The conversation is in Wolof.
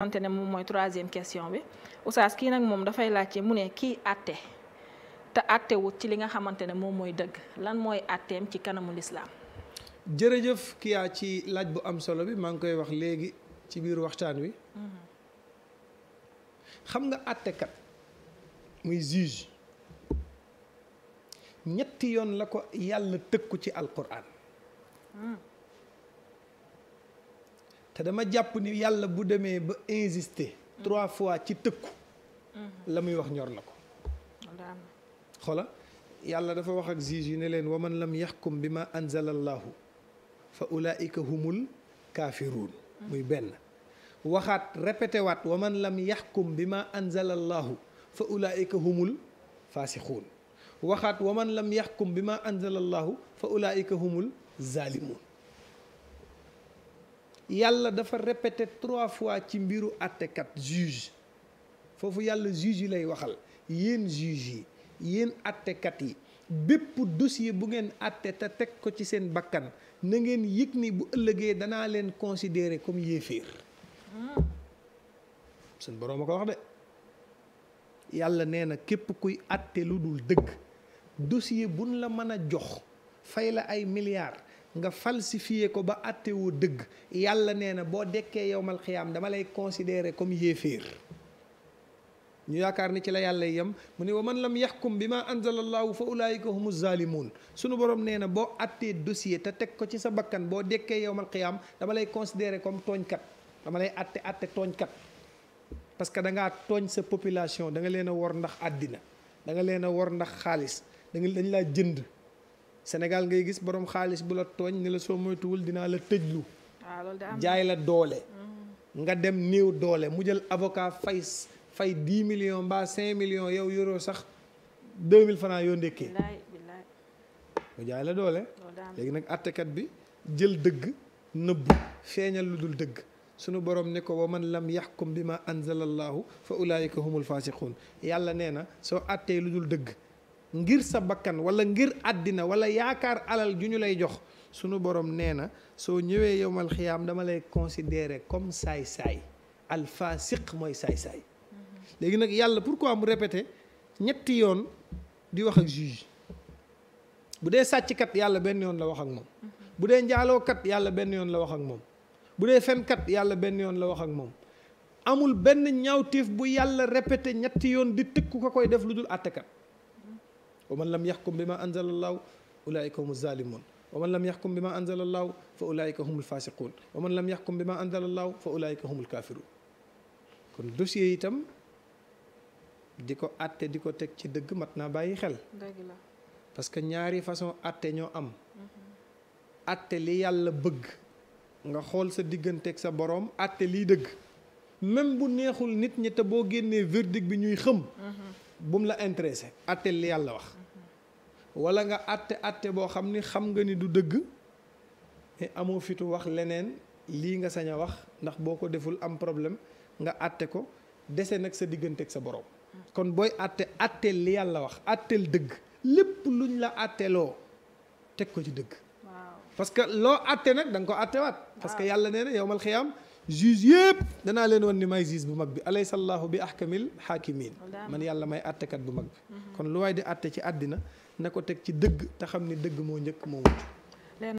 xamante ne moom mooy troisième question bi oustaz kii nag moom dafay laajte mu ne kii àtte te àtte wut ci li nga xamante ne moom mooy dëgg lan mooy àtteem ci kanamu lislaam jërëjëf kii yaa ci laaj bu am solo bi maa ngi koy wax léegi ci biir waxtaan wi mm-hmm. xam nga àttekat muy juge ñetti yoon la ko yàlla tëkku ci alquran mm. te dama jàpp ni yàlla bu demee ba insisté trois fois ci tëkku mhm. la muy wax ñor na ko xoola yàlla dafa wax ak juge yu ne leen wa man lam yaxkum bi ma anzala allahu fa ulaika humul kaafiruun mhm. muy benn waxaat répété waat wa man lam yaxkum bi ma anzala allahu fa ulaika humul faasixuun waxaat wa man lam yaxkum bi ma anzala allahu fa ulaika humul zaalimuun yàlla dafa répété trois fois ci mbiru àttekat juge foofu yàlla juge yi lay waxal yéen juge yi yéen àttekat yi bépp dossier bu ngeen àtte te teg ko ci seen bakkan na ngeen yëg ni bu ëllëgee danaa leen considérer comme yéeféer suñ boroom a ko wax de yàlla nee na képp kuy àtte lu dul dëgg dossier buñ la mën a jox fay la ay milliards nga falsifié ko ba àttewoo dëgg yàlla nee na boo dekkee yowmal xiyaam dama lay considérer comme yéeféer ñu yaakaar ni ci la yàlla yem mu ne wa man lam yaxkum bi ma anzala allahu fa ulaayika humu zaalimuun sunu borom nee na boo àttee dossier te teg ko ci sa bakkan boo dekkee yowmal xiyaam dama lay considérer comme tooñkat dama lay àtte àtte tooñkat parce que da ngaa tooñ sa population da nga leen a wor ndax àddina da nga leen a wor ndax xaalis da nga laa jënd Sénégal ngay gis boroom xaalis bu la tooñ ni la soo moytuwul dinaa la tëjlu. Ah, jaay la doole. Mm-hmm. nga dem néew doole mu jël avocat fay fay dix millions mbaa cinq millions yow yoro sax deux mille francs yoo ndekkee. mu jaay la doole. léegi nag àttekat bi jël dëgg nëbbu feeñal lu dul dëgg. sunu borom ne ko wa man lam yaxkum bi ma anzala allahu fa ulaayika humul faasiquun yàlla nee na soo àttee lu dul dëgg ngir sa bakkan wala ngir àddina wala yaakaar alal ju ñu lay jox sunu borom nee na soo ñëwee yowmal xiyaam dama lay considérer comme saay-saay alfasiq mooy saay-saay léegi nag yàlla pour pourquoi mu répété ñetti yoon di wax ak juge bu dee sàcckat yàlla benn yoon la wax ak moom bu dee njaalookat yàlla benn yoon la wax ak moom bu dee fenkat yàlla benn yoon la wax ak moom amul benn ñaawteef bu yàlla répété ñetti yoon di tëkku ko koy def lu dul àttekat wa man lam yaxkum bi ma anzala allahu ulaayika humu zalimun wa man lam yaxkum bi ma anzala allahu fa ulaayika humul fasiqun wa man lam yaxkum bi ma anzala fa ulaayika humul kafirun kon dossier itam di ko àtte di ko teg ci dëgg mat naa bàyyi xel parce que ñaari façon àtte ñoo am àtte mm-hmm. li yàlla bëgg nga xool sa digganteeg sa boroom àtte lii dëgg même bu neexul nit ñi te boo génnee verdict bi ñuy xëm mm-hmm. bu mu la intéressé àtte li yàlla wax wala nga àtte àtte boo xam ni xam nga ni du dëgg mais amoo fitu wax leneen lii nga sañ a wax ndax boo ko deful am problème nga àtte ko dese nag sa diggante ak sa borom. kon booy àtte àtteel li yàlla wax àtteel dëgg lépp luñ la àtteeloo teg ko ci dëgg. parce que loo àtte nag da nga ko àttewaat. parce que yàlla nee na yowmal xiyaam juge yëpp danaa leen woon ni may juge bu mag bi alaysa allahu bi ahkamil hakimin man yàlla may àttekat bu mag bi mhm. kon lu waay di àtte ci àddina na ko teg ci dëgg te xam ni dëgg moo njëkk moom